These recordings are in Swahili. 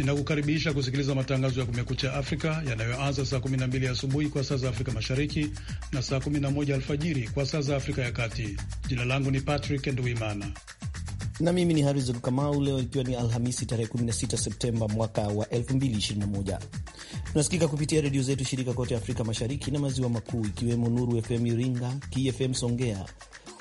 ninakukaribisha kusikiliza matangazo ya Kumekucha Afrika yanayoanza saa 12 asubuhi kwa saa za Afrika Mashariki na saa 11 alfajiri kwa saa za Afrika ya Kati. Jina langu ni Patrick Nduimana na mimi ni Harizon Kamau. Leo ikiwa ni Alhamisi tarehe 16 Septemba mwaka wa 2021, tunasikika kupitia redio zetu shirika kote Afrika Mashariki na Maziwa Makuu, ikiwemo Nuru FM Iringa, KFM Songea,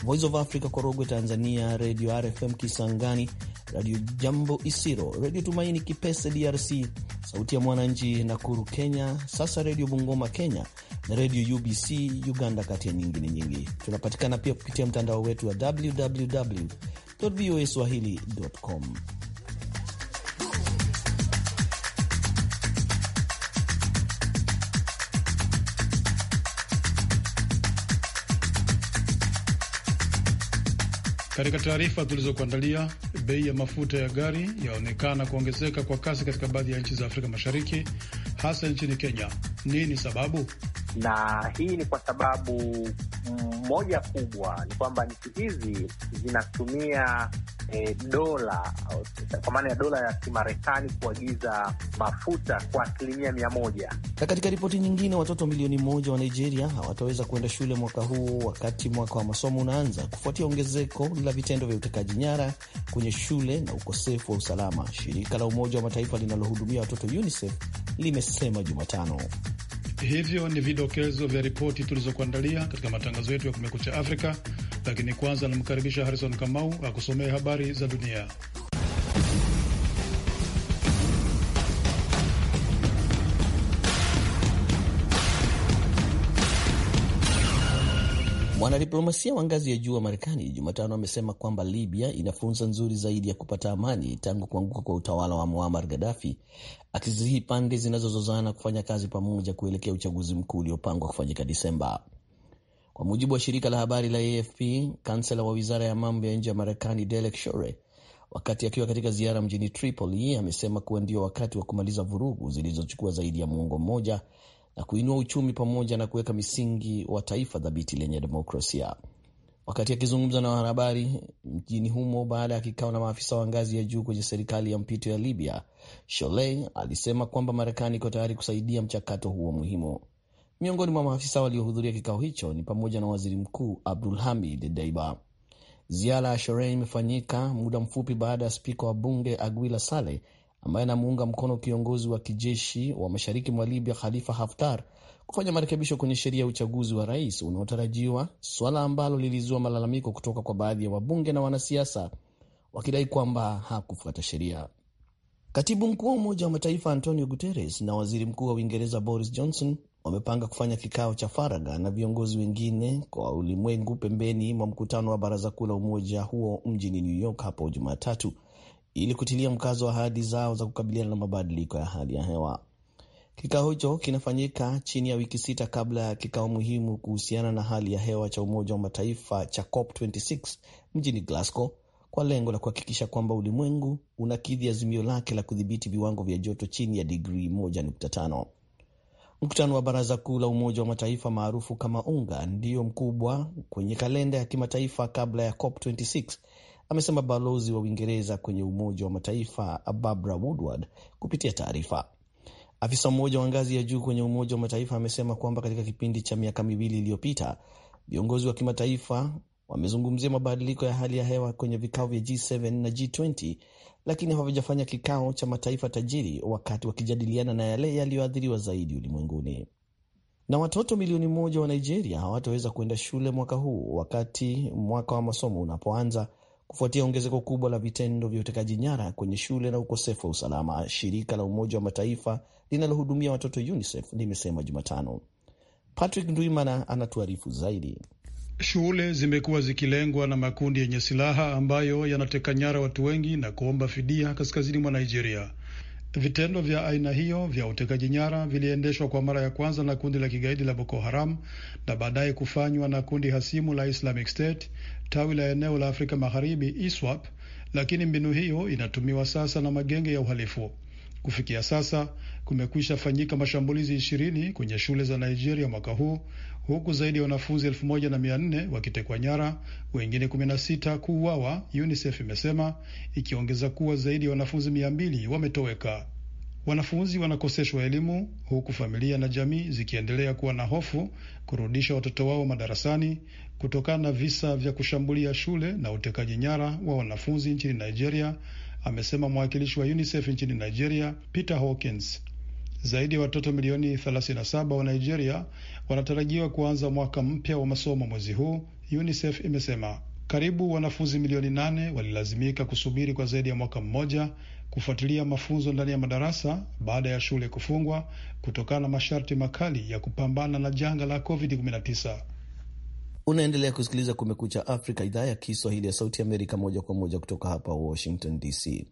Voice of Africa Korogwe Tanzania, Radio RFM Kisangani, Radio Jambo Isiro, Redio Tumaini Kipese DRC, Sauti ya Mwananchi Nakuru Kenya, sasa Redio Bungoma Kenya na Redio UBC Uganda, kati ya nyingine nyingi. Tunapatikana pia kupitia mtandao wetu wa www voa swahili.com. Katika taarifa tulizokuandalia, bei ya mafuta ya gari yaonekana kuongezeka kwa kasi katika baadhi ya nchi za Afrika Mashariki, hasa nchini Kenya. Nini sababu? Na hii ni kwa sababu mm, moja kubwa ni kwamba nchi hizi zinatumia e, dola kwa maana ya dola ya Kimarekani kuagiza mafuta kwa asilimia mia moja. Na katika ripoti nyingine, watoto milioni moja wa Nigeria hawataweza kuenda shule mwaka huu wakati mwaka wa masomo unaanza kufuatia ongezeko la vitendo vya utekaji nyara kwenye shule na ukosefu wa usalama, shirika la Umoja wa Mataifa linalohudumia watoto UNICEF limesema Jumatano. Hivyo ni vidokezo vya ripoti tulizokuandalia katika matangazo yetu ya Kumekucha Afrika lakini kwanza anamkaribisha Harrison Kamau akusomea habari za dunia. Mwanadiplomasia wa ngazi ya juu wa Marekani Jumatano amesema kwamba Libya ina fursa nzuri zaidi ya kupata amani tangu kuanguka kwa utawala wa Muammar Gaddafi, akisihi pande zinazozozana kufanya kazi pamoja kuelekea uchaguzi mkuu uliopangwa kufanyika Disemba. Kwa mujibu wa shirika la habari la AFP, kansela wa wizara ya mambo ya nje ya Marekani Derek Shore, wakati akiwa katika ziara mjini Tripoli, amesema kuwa ndio wakati wa kumaliza vurugu zilizochukua zaidi ya muongo mmoja na kuinua uchumi pamoja na kuweka misingi wa taifa dhabiti lenye demokrasia. Wakati akizungumza na wanahabari mjini humo baada ya kikao na maafisa wa ngazi ya juu kwenye serikali ya mpito ya Libya, shole alisema kwamba Marekani iko tayari kusaidia mchakato huo muhimu. Miongoni mwa maafisa waliohudhuria kikao hicho ni pamoja na waziri mkuu Abdul Hamid Deiba. Ziara ya Sherehe imefanyika muda mfupi baada ya spika wa bunge Aguila Saleh ambaye anamuunga mkono kiongozi wa kijeshi wa mashariki mwa Libya Khalifa Haftar kufanya marekebisho kwenye sheria ya uchaguzi wa rais unaotarajiwa, suala ambalo lilizua malalamiko kutoka kwa baadhi ya wabunge na wanasiasa wakidai kwamba hakufuata sheria. Katibu mkuu wa Umoja wa Mataifa Antonio Guterres na waziri mkuu wa Uingereza Boris Johnson wamepanga kufanya kikao cha faragha na viongozi wengine kwa ulimwengu pembeni mwa mkutano wa baraza kuu la umoja huo mjini New York hapo Jumatatu ili kutilia mkazo wa ahadi zao za kukabiliana na mabadiliko ya hali ya hewa. Kikao hicho kinafanyika chini ya wiki sita kabla ya kikao muhimu kuhusiana na hali ya hewa cha Umoja wa Mataifa cha COP26 mjini Glasgow kwa lengo la kuhakikisha kwamba ulimwengu unakidhi azimio lake la kudhibiti viwango vya joto chini ya digrii 1.5. Mkutano wa Baraza Kuu la Umoja wa Mataifa maarufu kama UNGA ndiyo mkubwa kwenye kalenda ya kimataifa kabla ya COP26, amesema balozi wa Uingereza kwenye Umoja wa Mataifa Barbara Woodward kupitia taarifa. Afisa mmoja wa ngazi ya juu kwenye Umoja wa Mataifa amesema kwamba katika kipindi cha miaka miwili iliyopita viongozi wa kimataifa wamezungumzia mabadiliko ya hali ya hewa kwenye vikao vya G7 na G20 lakini hawajafanya kikao cha mataifa tajiri wakati wakijadiliana na yale yaliyoathiriwa zaidi ulimwenguni. Na watoto milioni moja wa Nigeria hawataweza kuenda shule mwaka huu wakati mwaka wa masomo unapoanza kufuatia ongezeko kubwa la vitendo vya utekaji nyara kwenye shule na ukosefu wa usalama, shirika la Umoja wa Mataifa linalohudumia watoto UNICEF limesema Jumatano. Patrick Ndwimana anatuarifu zaidi. Shule zimekuwa zikilengwa na makundi yenye silaha ambayo yanateka nyara watu wengi na kuomba fidia kaskazini mwa Nigeria. Vitendo vya aina hiyo vya utekaji nyara viliendeshwa kwa mara ya kwanza na kundi la kigaidi la Boko Haram na baadaye kufanywa na kundi hasimu la Islamic State tawi la eneo la Afrika Magharibi, ISWAP, lakini mbinu hiyo inatumiwa sasa na magenge ya uhalifu. Kufikia sasa kumekwisha fanyika mashambulizi ishirini kwenye shule za Nigeria mwaka huu, huku zaidi ya wanafunzi elfu moja na mia nne wakitekwa nyara, wengine 16 kuuawa, UNICEF imesema ikiongeza kuwa zaidi ya wanafunzi mia mbili wametoweka. Wanafunzi wanakoseshwa elimu huku familia na jamii zikiendelea kuwa na hofu kurudisha watoto wao madarasani kutokana na visa vya kushambulia shule na utekaji nyara wa wanafunzi nchini Nigeria, amesema mwakilishi wa UNICEF nchini Nigeria, Peter Hawkins. Zaidi ya watoto milioni 37 wa Nigeria wanatarajiwa kuanza mwaka mpya wa masomo mwezi huu, UNICEF imesema. Karibu wanafunzi milioni nane walilazimika kusubiri kwa zaidi ya mwaka mmoja kufuatilia mafunzo ndani ya madarasa baada ya shule kufungwa kutokana na masharti makali ya kupambana na janga la COVID-19. Unaendelea kusikiliza Kumekucha Afrika, idhaa ya Kiswahili ya Sauti Amerika, moja kwa moja kutoka hapa Washington DC.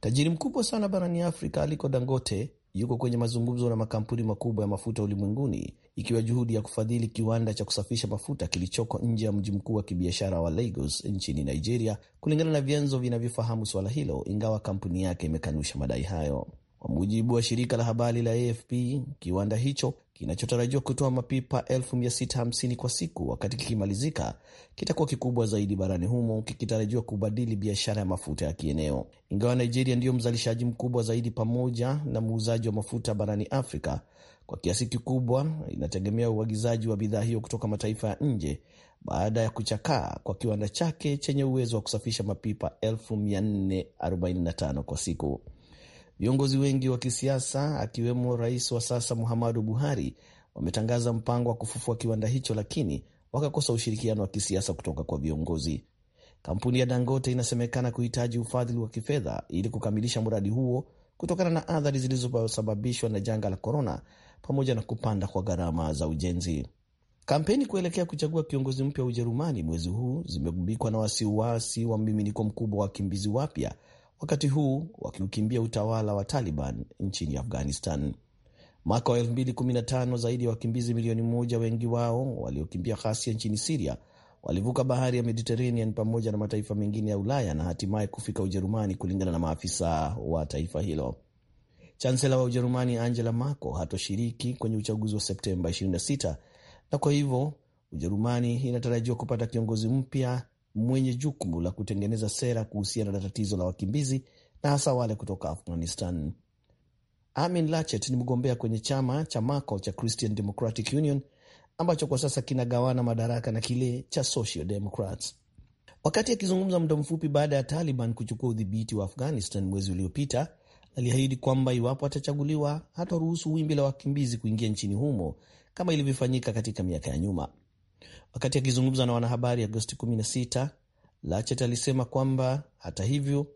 Tajiri mkubwa sana barani Afrika Aliko Dangote yuko kwenye mazungumzo na makampuni makubwa ya mafuta ulimwenguni ikiwa juhudi ya kufadhili kiwanda cha kusafisha mafuta kilichoko nje ya mji mkuu wa kibiashara wa Lagos nchini Nigeria, kulingana na vyanzo vinavyofahamu suala hilo, ingawa kampuni yake imekanusha madai hayo. Kwa mujibu wa shirika la habari la AFP, kiwanda hicho kinachotarajiwa kutoa mapipa 650 kwa siku wakati kikimalizika, kitakuwa kikubwa zaidi barani humo, kikitarajiwa kubadili biashara ya mafuta ya kieneo. Ingawa Nigeria ndiyo mzalishaji mkubwa zaidi pamoja na muuzaji wa mafuta barani Afrika, kwa kiasi kikubwa inategemea uagizaji wa bidhaa hiyo kutoka mataifa ya nje baada ya kuchakaa kwa kiwanda chake chenye uwezo wa kusafisha mapipa 445 kwa siku. Viongozi wengi wa kisiasa akiwemo rais wa sasa Muhammadu Buhari wametangaza mpango wa kufufua kiwanda hicho, lakini wakakosa ushirikiano wa kisiasa kutoka kwa viongozi. Kampuni ya Dangote inasemekana kuhitaji ufadhili wa kifedha ili kukamilisha mradi huo kutokana na athari zilizosababishwa na janga la korona pamoja na kupanda kwa gharama za ujenzi. Kampeni kuelekea kuchagua kiongozi mpya wa Ujerumani mwezi huu zimegubikwa na wasiwasi wa mmiminiko mkubwa wa wakimbizi wapya wakati huu wakiukimbia utawala wa Taliban nchini Afghanistan. Mwaka wa 2015 zaidi ya wakimbizi milioni moja, wengi wao waliokimbia ghasia nchini Siria, walivuka bahari ya Mediterranean pamoja na mataifa mengine ya Ulaya na hatimaye kufika Ujerumani, kulingana na maafisa wa taifa hilo. Chansela wa Ujerumani Angela Merkel hatoshiriki kwenye uchaguzi wa Septemba 26 na kwa hivyo Ujerumani inatarajiwa kupata kiongozi mpya mwenye jukumu la kutengeneza sera kuhusiana na tatizo la wakimbizi na hasa wale kutoka Afghanistan. Amin Lachet ni mgombea kwenye chama cha mako cha Christian Democratic Union ambacho kwa sasa kinagawana madaraka na kile cha Social Democrats. Wakati akizungumza muda mfupi baada ya Taliban kuchukua udhibiti wa Afghanistan mwezi uliopita, aliahidi kwamba iwapo atachaguliwa hataruhusu wimbi la wakimbizi kuingia nchini humo kama ilivyofanyika katika miaka ya nyuma. Wakati akizungumza na wanahabari Agosti 16, Lachet alisema kwamba hata hivyo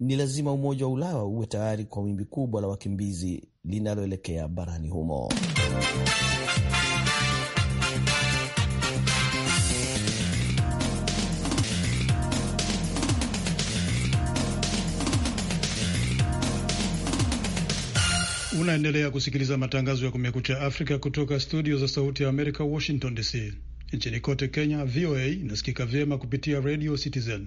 ni lazima Umoja wa Ulaya uwe tayari kwa wimbi kubwa la wakimbizi linaloelekea barani humo. Unaendelea kusikiliza matangazo ya Kumekucha Afrika kutoka studio za Sauti ya Amerika, Washington DC. Nchini kote Kenya, VOA inasikika vyema kupitia Radio Citizen.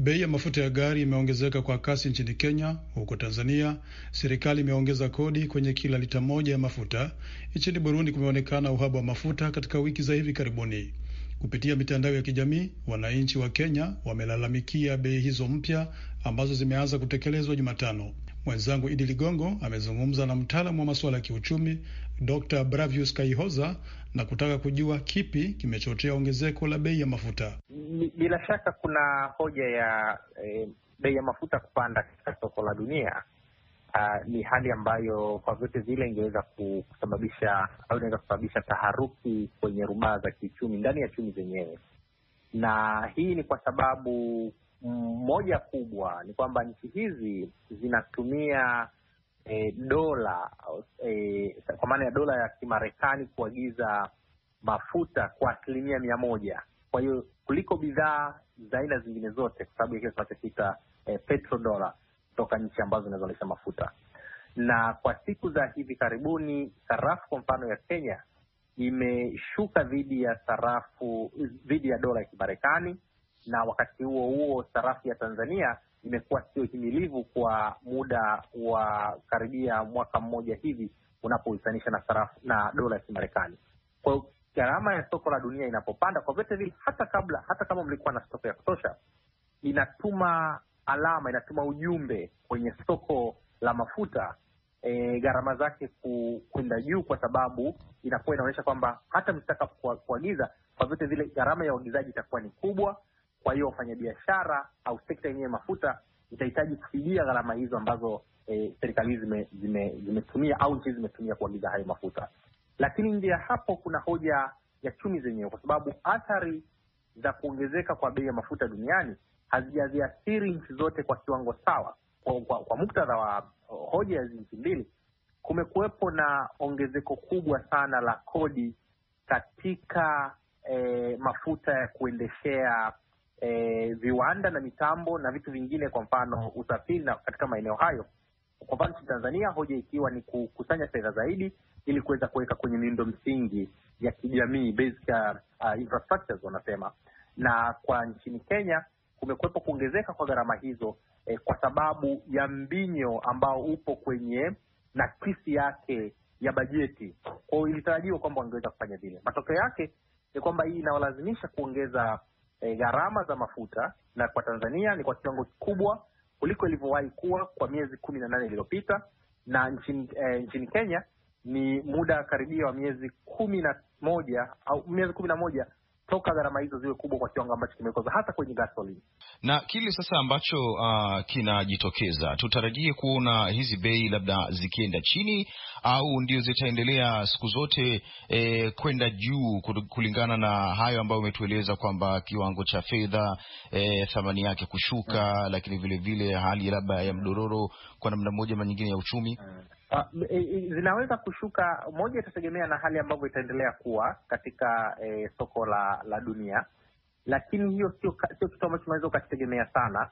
Bei ya mafuta ya gari imeongezeka kwa kasi nchini Kenya. Huko Tanzania, serikali imeongeza kodi kwenye kila lita moja ya mafuta. Nchini Burundi kumeonekana uhaba wa mafuta katika wiki za hivi karibuni. Kupitia mitandao ya kijamii, wananchi wa Kenya wamelalamikia bei hizo mpya ambazo zimeanza kutekelezwa Jumatano. Mwenzangu Idi Ligongo amezungumza na mtaalamu wa masuala ya kiuchumi Dr Bravius Kaihoza na kutaka kujua kipi kimechochea ongezeko la bei ya mafuta. Bila shaka kuna hoja ya e, bei ya mafuta kupanda katika soko la dunia. Uh, ni hali ambayo kwa vyote vile ingeweza kusababisha au inaweza kusababisha taharuki kwenye rubaa za kiuchumi ndani ya chumi zenyewe, na hii ni kwa sababu moja kubwa ni kwamba nchi hizi zinatumia e, dola e, kwa maana ya dola ya Kimarekani kuagiza mafuta kwa asilimia mia moja kwa hiyo kuliko bidhaa za aina zingine zote, kwa sababu ya kile tunachokiita e, petrodola kutoka nchi ambazo zinazalisha mafuta. Na kwa siku za hivi karibuni, sarafu kwa mfano ya Kenya imeshuka dhidi ya sarafu dhidi ya dola ya Kimarekani, na wakati huo huo sarafu ya Tanzania imekuwa sio himilivu kwa muda wa karibia mwaka mmoja hivi unapohusanisha na sarafu na dola ya Kimarekani. Kwa hiyo gharama ya soko la dunia inapopanda kwa vyote vile, hata kabla, hata kama mlikuwa na stoko ya kutosha, inatuma alama, inatuma ujumbe kwenye soko la mafuta e, gharama zake kwenda juu, kwa sababu inakuwa inaonyesha kwamba hata mkitaka kuagiza kwa, kwa vyote vile gharama ya uagizaji itakuwa ni kubwa kwa hiyo wafanyabiashara au sekta yenyewe mafuta itahitaji kufidia gharama hizo ambazo e, serikali zime, zime, au nchi zimetumia kuagiza hayo mafuta. Lakini nje ya hapo kuna hoja ya chumi zenyewe, kwa sababu athari za kuongezeka kwa bei ya mafuta duniani hazijaziathiri nchi zote kwa kiwango sawa. Kwa, kwa, kwa muktadha wa uh, hoja ya hizi nchi mbili, kumekuwepo na ongezeko kubwa sana la kodi katika e, mafuta ya kuendeshea e, viwanda na mitambo na vitu vingine, kwa mfano usafiri na katika maeneo hayo. Kwa mfano nchini Tanzania, hoja ikiwa ni kukusanya fedha zaidi ili kuweza kuweka kwenye miundo msingi ya kijamii basic uh, infrastructures wanasema. Na kwa nchini Kenya kumekuwepo kuongezeka kwa gharama hizo eh, kwa sababu ya mbinyo ambao upo kwenye nakisi yake ya bajeti. Kwa hiyo ilitarajiwa kwamba wangeweza kufanya vile. Matokeo yake ni kwamba hii inawalazimisha kuongeza e, gharama za mafuta na kwa Tanzania ni kwa kiwango kikubwa kuliko ilivyowahi kuwa kwa miezi kumi na nane iliyopita na nchini, e, nchini Kenya ni muda karibia wa miezi kumi na moja au miezi kumi na moja toka gharama hizo ziwe kubwa kwa kiwango ambacho kimekoza hata kwenye gasoline. Na kile sasa ambacho uh, kinajitokeza, tutarajie kuona hizi bei labda zikienda chini au ndio zitaendelea siku zote eh, kwenda juu kulingana na hayo ambayo umetueleza kwamba kiwango cha fedha eh, thamani yake kushuka hmm. Lakini vilevile vile hali labda ya mdororo kwa namna moja manyingine nyingine ya uchumi hmm. Uh, zinaweza kushuka. Moja itategemea na hali ambavyo itaendelea kuwa katika eh, soko la la dunia, lakini hiyo sio sio kitu ambacho unaweza ukakitegemea sana.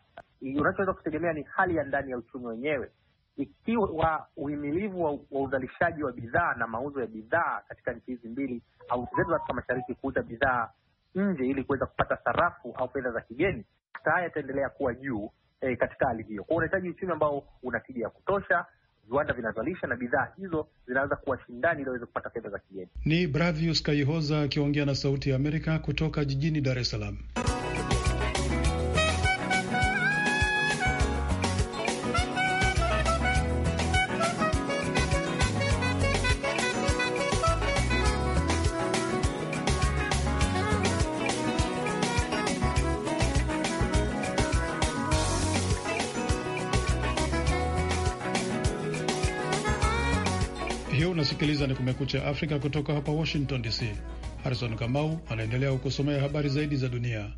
Unachoweza kutegemea ni hali ya ndani ya uchumi wenyewe. Ikiwa uhimilivu wa, wa uzalishaji wa bidhaa na mauzo ya bidhaa katika nchi hizi mbili au zetu za Afrika Mashariki kuuza bidhaa nje ili kuweza kupata sarafu au fedha za kigeni, haya yataendelea kuwa juu eh, katika hali hiyo. Kwa hiyo unahitaji uchumi ambao una tija ya kutosha viwanda vinazalisha na bidhaa hizo zinaweza kuwa shindani ili waweze kupata fedha za kigeni. Ni Bravius Kaihoza akiongea na Sauti ya Amerika kutoka jijini Dar es Salaam. hiyo unasikiliza ni Kumekucha Afrika kutoka hapa Washington DC. Harison Kamau anaendelea kukusomea habari zaidi za dunia.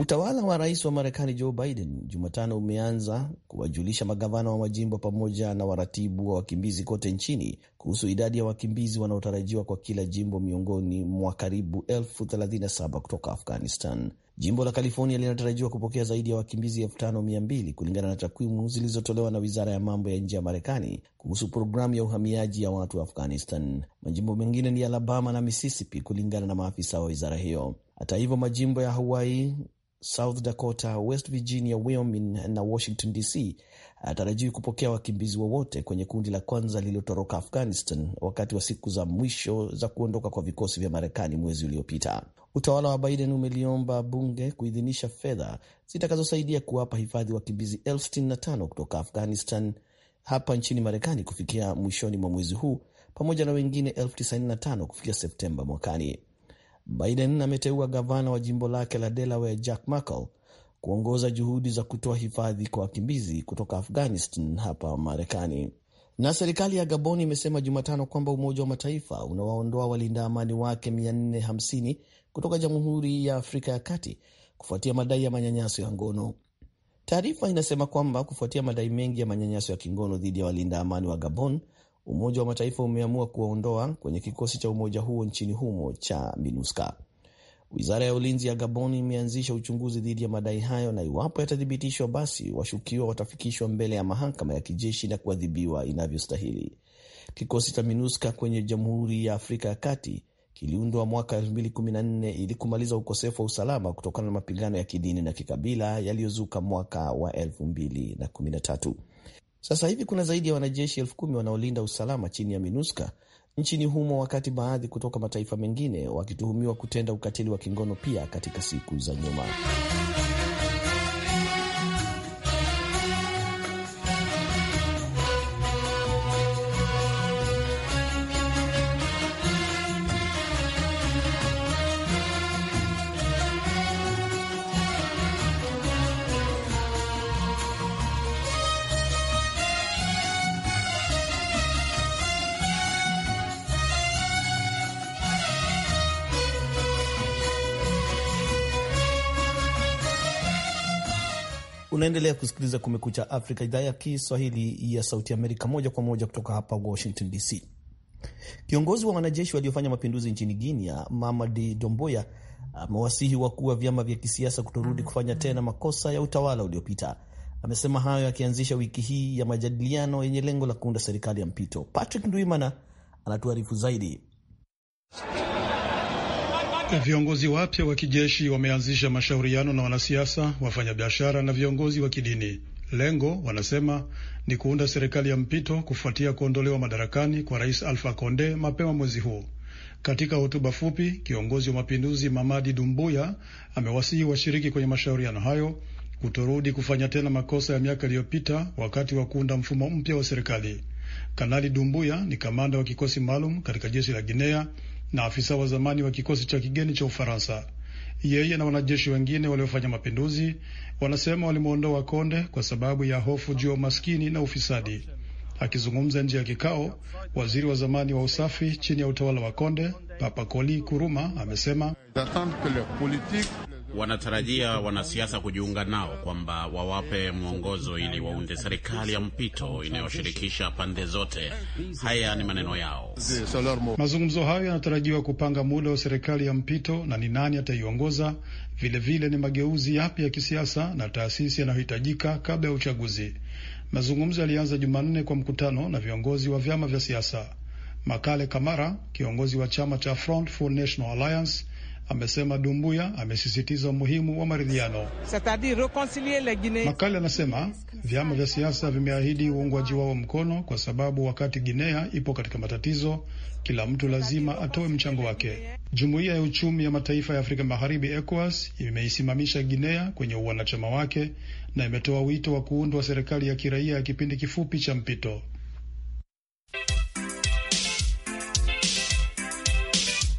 Utawala wa rais wa Marekani Joe Biden Jumatano umeanza kuwajulisha magavana wa majimbo pamoja na waratibu wa wakimbizi kote nchini kuhusu idadi ya wakimbizi wanaotarajiwa kwa kila jimbo miongoni mwa karibu elfu 37 kutoka Afghanistan. Jimbo la California linatarajiwa kupokea zaidi ya wakimbizi 5200 kulingana na takwimu zilizotolewa na wizara ya mambo ya nje ya Marekani kuhusu programu ya uhamiaji ya watu wa Afghanistan. Majimbo mengine ni Alabama na Mississippi kulingana na maafisa wa wizara hiyo. Hata hivyo, majimbo ya Hawaii, South Dakota, West Virginia, Wyoming na Washington DC hatarajiwi kupokea wakimbizi wowote kwenye kundi la kwanza lililotoroka Afghanistan wakati wa siku za mwisho za kuondoka kwa vikosi vya Marekani mwezi uliopita. Utawala wa Biden umeliomba bunge kuidhinisha fedha zitakazosaidia kuwapa hifadhi wakimbizi elfu sitini na tano kutoka Afghanistan hapa nchini Marekani kufikia mwishoni mwa mwezi huu pamoja na wengine elfu tisini na tano kufikia Septemba mwakani. Biden ameteua gavana wa jimbo lake la Delaware Jack Markle kuongoza juhudi za kutoa hifadhi kwa wakimbizi kutoka Afghanistan hapa Marekani. Na serikali ya Gabon imesema Jumatano kwamba Umoja wa Mataifa unawaondoa walinda amani wake 450 kutoka Jamhuri ya Afrika ya Kati kufuatia madai ya manyanyaso ya ngono. Taarifa inasema kwamba kufuatia madai mengi ya manyanyaso ya kingono dhidi ya walinda amani wa Gabon, Umoja wa Mataifa umeamua kuwaondoa kwenye kikosi cha umoja huo nchini humo cha MINUSCA. Wizara ya ulinzi ya Gabon imeanzisha uchunguzi dhidi ya madai hayo, na iwapo yatathibitishwa, basi washukiwa watafikishwa mbele ya mahakama ya kijeshi na kuadhibiwa inavyostahili. Kikosi cha MINUSCA kwenye Jamhuri ya Afrika ya Kati kiliundwa mwaka 2014 ili kumaliza ukosefu wa usalama kutokana na mapigano ya kidini na kikabila yaliyozuka mwaka wa 2013. Sasa hivi kuna zaidi ya wanajeshi elfu kumi wanaolinda usalama chini ya MINUSCA nchini humo, wakati baadhi kutoka mataifa mengine wakituhumiwa kutenda ukatili wa kingono pia katika siku za nyuma. Unaendelea kusikiliza Kumekucha Afrika, idhaa ya Kiswahili ya Sauti Amerika, moja kwa moja kutoka hapa Washington DC. Kiongozi wa wanajeshi waliofanya mapinduzi nchini Guinea, Mamadi Domboya, amewasihi wakuu wa vyama vya kisiasa kutorudi kufanya tena makosa ya utawala uliopita. Amesema hayo akianzisha wiki hii ya majadiliano yenye lengo la kuunda serikali ya mpito. Patrick Ndwimana anatuarifu zaidi. Viongozi wapya wa kijeshi wameanzisha mashauriano na wanasiasa, wafanyabiashara na viongozi wa kidini. Lengo, wanasema, ni kuunda serikali ya mpito kufuatia kuondolewa madarakani kwa Rais Alpha Conde mapema mwezi huu. Katika hotuba fupi, kiongozi wa mapinduzi Mamadi Dumbuya amewasihi washiriki kwenye mashauriano hayo kutorudi kufanya tena makosa ya miaka iliyopita wakati wa kuunda mfumo mpya wa serikali. Kanali Dumbuya ni kamanda wa kikosi maalum katika jeshi la Guinea na afisa wa zamani wa kikosi cha kigeni cha Ufaransa. Yeye na wanajeshi wengine waliofanya mapinduzi wanasema walimwondoa Konde kwa sababu ya hofu juu ya umaskini na ufisadi. Akizungumza nje ya kikao, waziri wa zamani wa usafi chini ya utawala wa Konde, Papa Koli Kuruma, amesema wanatarajia wanasiasa kujiunga nao kwamba wawape mwongozo ili waunde serikali ya mpito inayoshirikisha pande zote. Haya ni maneno yao. Mazungumzo hayo yanatarajiwa kupanga muda wa serikali ya mpito na ni nani ataiongoza. Vilevile ni mageuzi yapi ya kisiasa na taasisi yanayohitajika kabla ya uchaguzi. Mazungumzo yalianza Jumanne kwa mkutano na viongozi wa vyama vya siasa. Makale Kamara, kiongozi wa chama cha Front for National Alliance amesema Dumbuya amesisitiza umuhimu wa maridhiano. Makali anasema vyama vya siasa vimeahidi uungwaji wao mkono, kwa sababu wakati Guinea ipo katika matatizo, kila mtu lazima atoe mchango wake. Jumuiya ya uchumi ya mataifa ya Afrika Magharibi, ECOWAS, imeisimamisha Guinea kwenye uwanachama wake na imetoa wito wa kuundwa serikali ya kiraia ya kipindi kifupi cha mpito.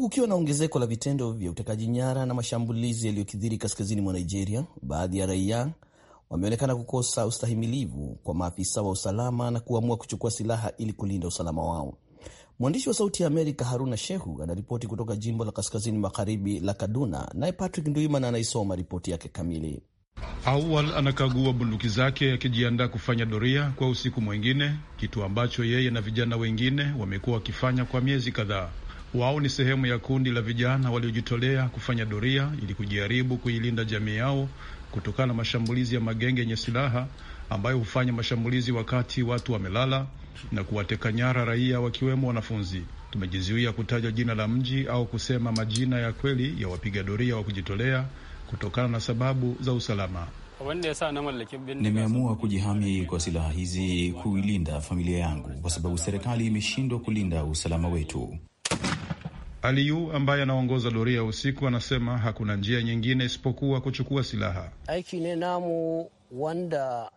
Huku kukiwa na ongezeko la vitendo vya utekaji nyara na mashambulizi yaliyokithiri kaskazini mwa Nigeria, baadhi ya raia wameonekana kukosa ustahimilivu kwa maafisa wa usalama na kuamua kuchukua silaha ili kulinda usalama wao. Mwandishi wa Sauti ya Amerika Haruna Shehu anaripoti kutoka jimbo la kaskazini magharibi la Kaduna, naye Patrick Nduimana anaisoma ripoti yake kamili. Awal anakagua bunduki zake akijiandaa kufanya doria kwa usiku mwingine, kitu ambacho yeye na vijana wengine wamekuwa wakifanya kwa miezi kadhaa. Wao ni sehemu ya kundi la vijana waliojitolea kufanya doria ili kujaribu kuilinda jamii yao kutokana na mashambulizi ya magenge yenye silaha ambayo hufanya mashambulizi wakati watu wamelala na kuwateka nyara raia wakiwemo wanafunzi. Tumejizuia kutaja jina la mji au kusema majina ya kweli ya wapiga doria wa kujitolea kutokana na sababu za usalama. Nimeamua kujihami kwa silaha hizi kuilinda familia yangu, kwa sababu serikali imeshindwa kulinda usalama wetu. Aliyu ambaye anaongoza doria ya usiku anasema hakuna njia nyingine isipokuwa kuchukua silaha.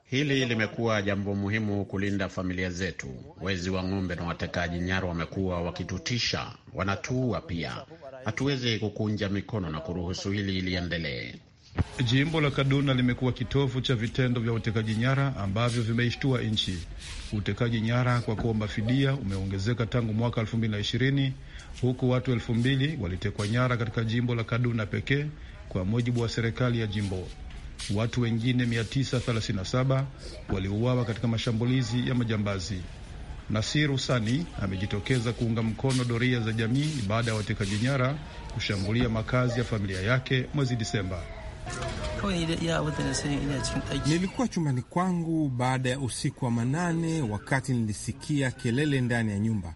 Hili limekuwa jambo muhimu kulinda familia zetu. Wezi wa ng'ombe na watekaji nyara wamekuwa wakitutisha, wanatuua pia. Hatuwezi kukunja mikono na kuruhusu hili liendelee. Jimbo la Kaduna limekuwa kitovu cha vitendo vya utekaji nyara ambavyo vimeishtua nchi. Utekaji nyara kwa kuomba fidia umeongezeka tangu mwaka huku watu elfu mbili walitekwa nyara katika jimbo la Kaduna pekee kwa mujibu wa serikali ya jimbo. Watu wengine 937 waliuawa katika mashambulizi ya majambazi. Nasiru Sani amejitokeza kuunga mkono doria za jamii baada ya watekaji nyara kushambulia makazi ya familia yake mwezi Disemba. Nilikuwa chumbani kwangu baada ya usiku wa manane wakati nilisikia kelele ndani ya nyumba.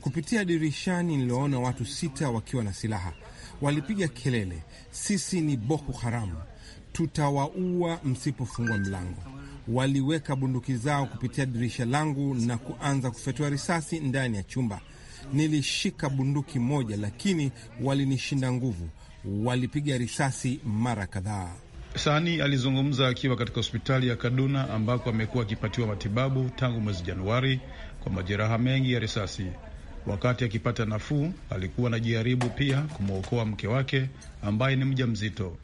Kupitia dirishani niliwaona watu sita wakiwa na silaha, walipiga kelele, sisi ni Boko Haramu, tutawaua msipofungua mlango. Waliweka bunduki zao kupitia dirisha langu na kuanza kufyatua risasi ndani ya chumba. Nilishika bunduki moja, lakini walinishinda nguvu, walipiga risasi mara kadhaa. Sani alizungumza akiwa katika hospitali ya Kaduna ambako amekuwa akipatiwa matibabu tangu mwezi Januari kwa majeraha mengi ya risasi. Wakati akipata nafuu, alikuwa anajaribu pia kumwokoa mke wake ambaye ni mja mzito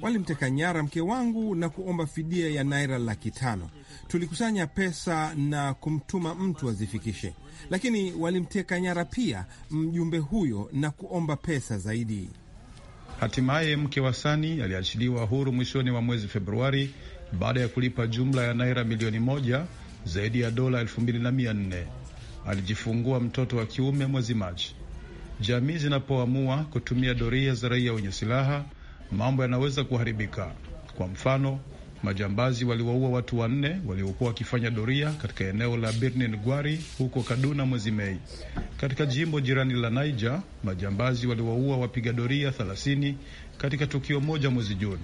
Walimteka nyara mke wangu na kuomba fidia ya naira laki tano. Tulikusanya pesa na kumtuma mtu azifikishe, lakini walimteka nyara pia mjumbe huyo na kuomba pesa zaidi. Hatimaye mke wa Sani aliachiliwa huru mwishoni mwa mwezi Februari baada ya kulipa jumla ya naira milioni moja zaidi ya dola elfu mbili na mia nne. Alijifungua mtoto wa kiume mwezi Machi. Jamii zinapoamua kutumia doria za raia wenye silaha, mambo yanaweza kuharibika. Kwa mfano, majambazi waliwaua watu wanne waliokuwa wakifanya doria katika eneo la Birnin Gwari huko Kaduna mwezi Mei. Katika jimbo jirani la Niger, majambazi waliwaua wapiga doria 30 katika tukio moja mwezi Juni.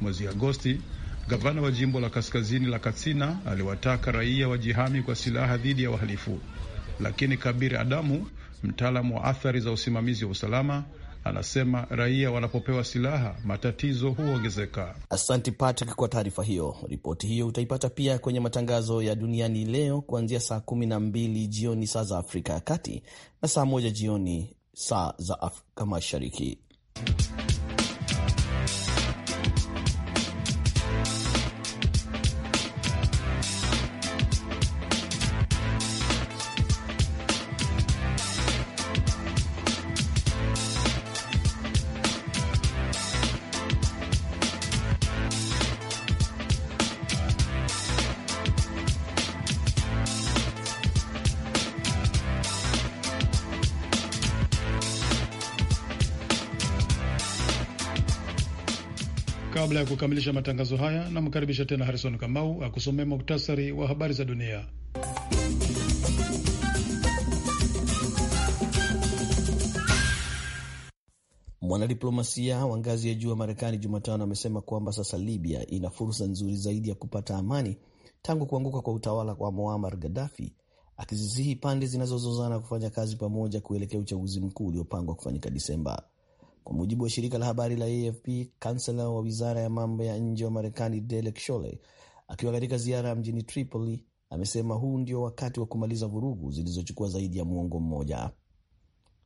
Mwezi Agosti, Gavana wa jimbo la kaskazini la Katsina aliwataka raia wajihami kwa silaha dhidi ya wahalifu, lakini Kabir Adamu, mtaalamu wa athari za usimamizi wa usalama, anasema raia wanapopewa silaha matatizo huongezeka. Asanti Patrick kwa taarifa hiyo. Ripoti hiyo utaipata pia kwenye matangazo ya duniani leo kuanzia saa kumi na mbili jioni saa za Afrika ya Kati na saa moja jioni saa za Afrika Mashariki. Kabla ya kukamilisha matangazo haya, namkaribisha tena Harrison Kamau akusomea muktasari wa habari za dunia. Mwanadiplomasia wa ngazi ya juu wa Marekani Jumatano amesema kwamba sasa Libya ina fursa nzuri zaidi ya kupata amani tangu kuanguka kwa utawala wa Muammar Gaddafi, akizisihi pande zinazozozana kufanya kazi pamoja kuelekea uchaguzi mkuu uliopangwa kufanyika Disemba. Kwa mujibu wa shirika la habari la AFP, kansela wa wizara ya mambo ya nje wa Marekani Derek shole akiwa katika ziara mjini Tripoli amesema huu ndio wakati wa kumaliza vurugu zilizochukua zaidi ya muongo mmoja.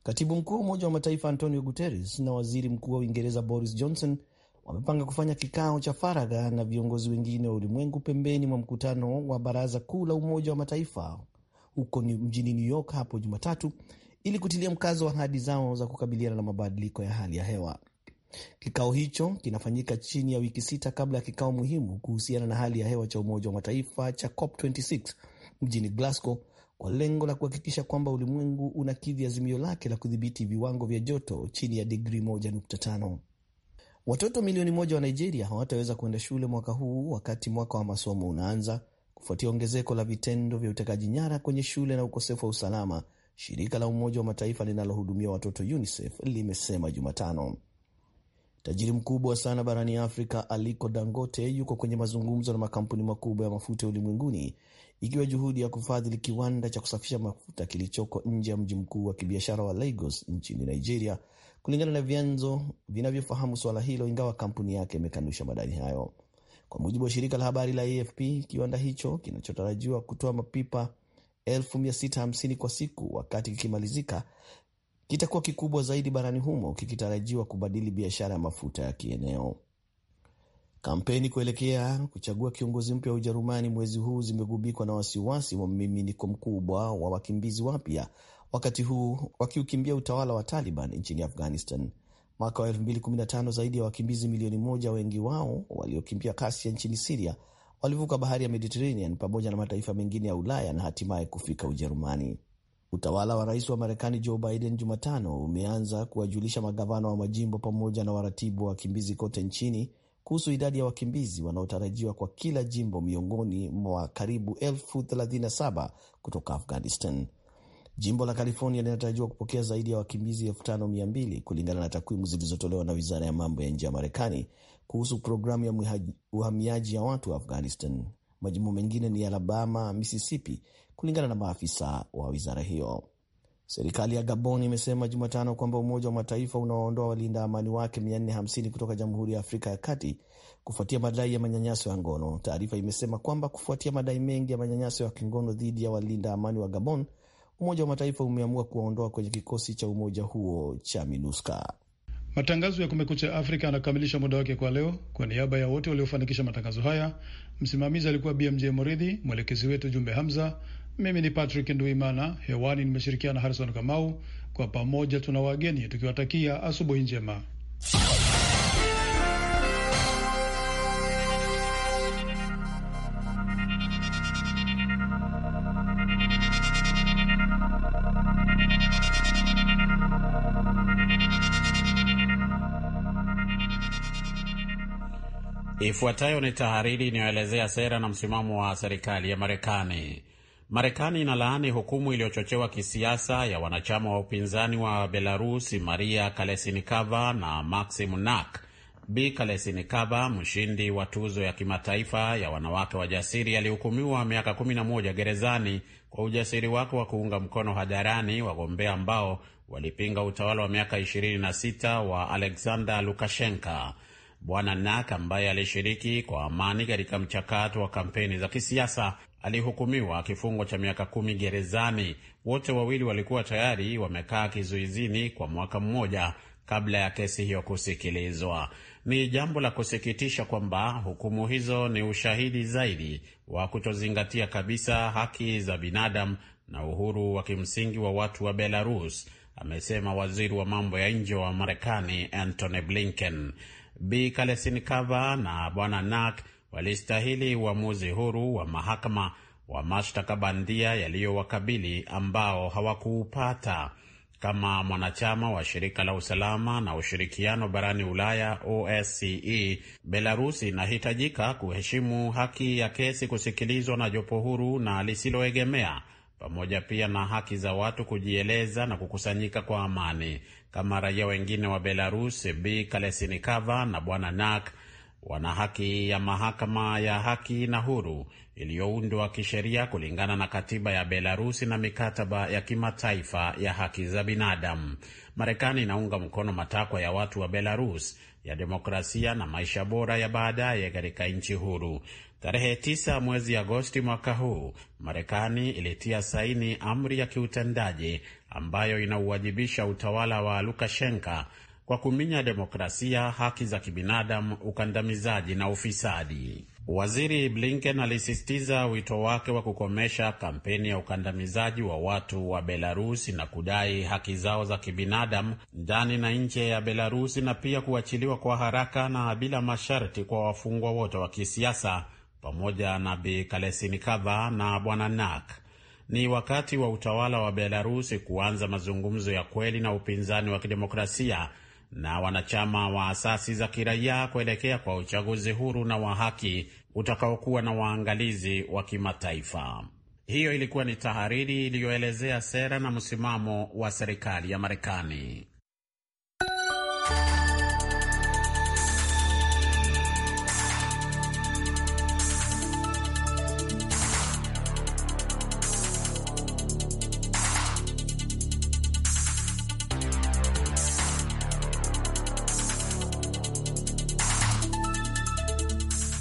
Katibu mkuu wa Umoja wa Mataifa Antonio Guterres na waziri mkuu wa Uingereza Boris Johnson wamepanga kufanya kikao cha faragha na viongozi wengine wa ulimwengu pembeni mwa mkutano wa Baraza Kuu la Umoja wa Mataifa huko mjini New York hapo Jumatatu ili kutilia mkazo wa ahadi zao za kukabiliana na mabadiliko ya hali ya hewa. Kikao hicho kinafanyika chini ya wiki sita kabla ya kikao muhimu kuhusiana na hali ya hewa cha Umoja wa Mataifa cha COP26 mjini Glasgow kwa lengo la kuhakikisha kwamba ulimwengu unakidhi azimio lake la kudhibiti viwango vya joto chini ya digrii 1.5. Watoto milioni moja wa Nigeria hawataweza kuenda shule mwaka huu wakati mwaka wa masomo unaanza kufuatia ongezeko la vitendo vya utekaji nyara kwenye shule na ukosefu wa usalama shirika la Umoja wa Mataifa linalohudumia watoto UNICEF limesema Jumatano. Tajiri mkubwa sana barani Afrika Aliko Dangote yuko kwenye mazungumzo na makampuni makubwa ya mafuta ulimwenguni, ikiwa juhudi ya kufadhili kiwanda cha kusafisha mafuta kilichoko nje ya mji mkuu wa kibiashara wa Lagos nchini Nigeria, kulingana na vyanzo vinavyofahamu swala hilo, ingawa kampuni yake imekanusha madai hayo. Kwa mujibu wa shirika la habari la AFP, kiwanda hicho kinachotarajiwa kutoa mapipa 1,650 kwa siku wakati kikimalizika kitakuwa kikubwa zaidi barani humo kikitarajiwa kubadili biashara ya mafuta ya kieneo. Kampeni kuelekea kuchagua kiongozi mpya wa Ujerumani mwezi huu zimegubikwa na wasiwasi wa mmiminiko mkubwa wa wakimbizi wapya, wakati huu wakiukimbia utawala wa Taliban nchini Afghanistan. Mwaka wa 2015 zaidi ya wakimbizi milioni moja, wengi wao waliokimbia kasia nchini Siria, walivuka bahari ya Mediterranean pamoja na mataifa mengine ya Ulaya na hatimaye kufika Ujerumani. Utawala wa rais wa Marekani Joe Biden Jumatano umeanza kuwajulisha magavana wa majimbo pamoja na waratibu wa wakimbizi kote nchini kuhusu idadi ya wakimbizi wanaotarajiwa kwa kila jimbo miongoni mwa karibu elfu thelathini kutoka Afghanistan. Jimbo la California linatarajiwa kupokea zaidi ya wakimbizi elfu kulingana na takwimu zilizotolewa na wizara ya mambo ya nje ya Marekani, kuhusu programu ya uhamiaji ya watu wa Afghanistan. Majimbo mengine ni Alabama, Mississippi, kulingana na maafisa wa wizara hiyo. Serikali ya Gabon imesema Jumatano kwamba Umoja wa Mataifa unaoondoa walinda amani wake 450 kutoka Jamhuri ya Afrika ya Kati kufuatia madai ya manyanyaso ya ngono. Taarifa imesema kwamba kufuatia madai mengi ya manyanyaso ya kingono dhidi ya walinda amani wa Gabon, Umoja wa Mataifa umeamua kuwaondoa kwenye kikosi cha umoja huo cha MINUSCA. Matangazo ya Kumekucha Afrika yanakamilisha muda wake kwa leo. Kwa niaba ya wote waliofanikisha matangazo haya, msimamizi alikuwa BMJ muridhi mwelekezi wetu Jumbe Hamza. Mimi ni Patrick Nduimana, hewani nimeshirikiana na Harison Kamau. Kwa pamoja tuna wageni tukiwatakia asubuhi njema. Ifuatayo ni tahariri inayoelezea sera na msimamo wa serikali ya Marekani. Marekani inalaani hukumu iliyochochewa kisiasa ya wanachama wa upinzani wa Belarusi Maria Kalesnikava na Maxim Nak. Bi Kalesnikava, mshindi wa tuzo ya kimataifa ya wanawake wajasiri, alihukumiwa miaka 11 gerezani kwa ujasiri wake wa kuunga mkono hadharani wagombea ambao walipinga utawala wa miaka 26 wa Alexander Lukashenka. Bwana Nak ambaye alishiriki kwa amani katika mchakato wa kampeni za kisiasa alihukumiwa kifungo cha miaka kumi gerezani. Wote wawili walikuwa tayari wamekaa kizuizini kwa mwaka mmoja kabla ya kesi hiyo kusikilizwa. Ni jambo la kusikitisha kwamba hukumu hizo ni ushahidi zaidi wa kutozingatia kabisa haki za binadamu na uhuru wa kimsingi wa watu wa Belarus, amesema waziri wa mambo ya nje wa Marekani Antony Blinken. Bi Kalesinikava na Bwana Nak walistahili uamuzi huru wa mahakama wa mashtaka bandia yaliyowakabili ambao hawakuupata. Kama mwanachama wa shirika la usalama na ushirikiano barani Ulaya, OSCE, Belarusi inahitajika kuheshimu haki ya kesi kusikilizwa na jopo huru na lisiloegemea, pamoja pia na haki za watu kujieleza na kukusanyika kwa amani kama raia wengine wa Belarus, Bi Kalesnikava na Bwana Nak wana haki ya mahakama ya haki na huru iliyoundwa kisheria kulingana na katiba ya Belarusi na mikataba ya kimataifa ya haki za binadamu. Marekani inaunga mkono matakwa ya watu wa Belarus ya demokrasia na maisha bora ya baadaye katika nchi huru. Tarehe 9 mwezi Agosti mwaka huu, Marekani ilitia saini amri ya kiutendaji ambayo inauwajibisha utawala wa Lukashenka kwa kuminya demokrasia, haki za kibinadamu, ukandamizaji na ufisadi. Waziri Blinken alisisitiza wito wake wa kukomesha kampeni ya ukandamizaji wa watu wa Belarusi na kudai haki zao za kibinadamu ndani na nje ya Belarusi na pia kuachiliwa kwa haraka na bila masharti kwa wafungwa wote wa kisiasa pamoja na Bi Kalesinikava na Bwana Nak. Ni wakati wa utawala wa Belarusi kuanza mazungumzo ya kweli na upinzani wa kidemokrasia na wanachama wa asasi za kiraia kuelekea kwa uchaguzi huru na wa haki utakaokuwa na waangalizi wa kimataifa. Hiyo ilikuwa ni tahariri iliyoelezea sera na msimamo wa serikali ya Marekani.